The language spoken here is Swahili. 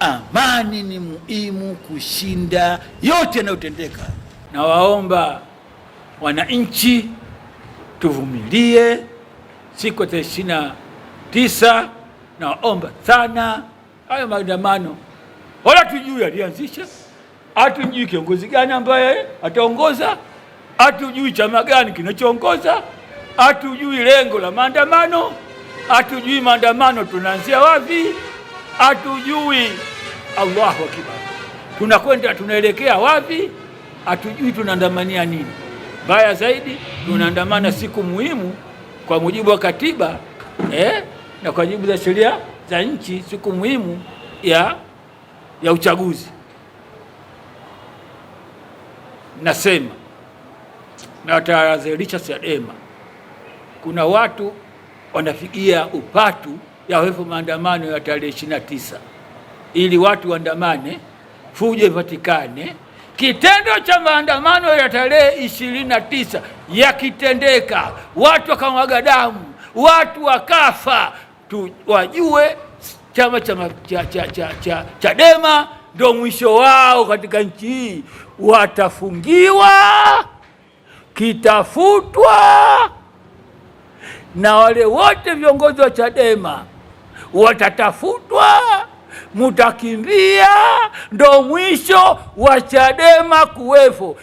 amani ni muhimu kushinda yote yanayotendeka. Nawaomba wananchi tuvumilie siku ya ishirini na tisa. Nawaomba sana, hayo maandamano wala tujui alianzisha, hatujui kiongozi gani ambaye ataongoza, hatujui chama gani kinachoongoza, hatujui lengo la maandamano, hatujui maandamano tunaanzia wapi hatujui. Allahu akbar, tunakwenda tunaelekea wapi? Hatujui tunaandamania nini. Mbaya zaidi, tunaandamana siku muhimu kwa mujibu wa katiba eh, na kwa mujibu za sheria za nchi, siku muhimu ya, ya uchaguzi. Nasema na wataadhirisha sema, kuna watu wanafikia upatu yawepo maandamano ya tarehe ishirini na tisa ili watu waandamane, fujo ipatikane. Kitendo cha maandamano ya tarehe ishirini na tisa yakitendeka, watu wakamwaga damu, watu wakafa, tu wajue chama cha cha Chadema ndio mwisho wao katika nchi hii, watafungiwa kitafutwa, na wale wote viongozi wa Chadema watatafutwa, mutakimbia, ndo mwisho wa Chadema kuwepo.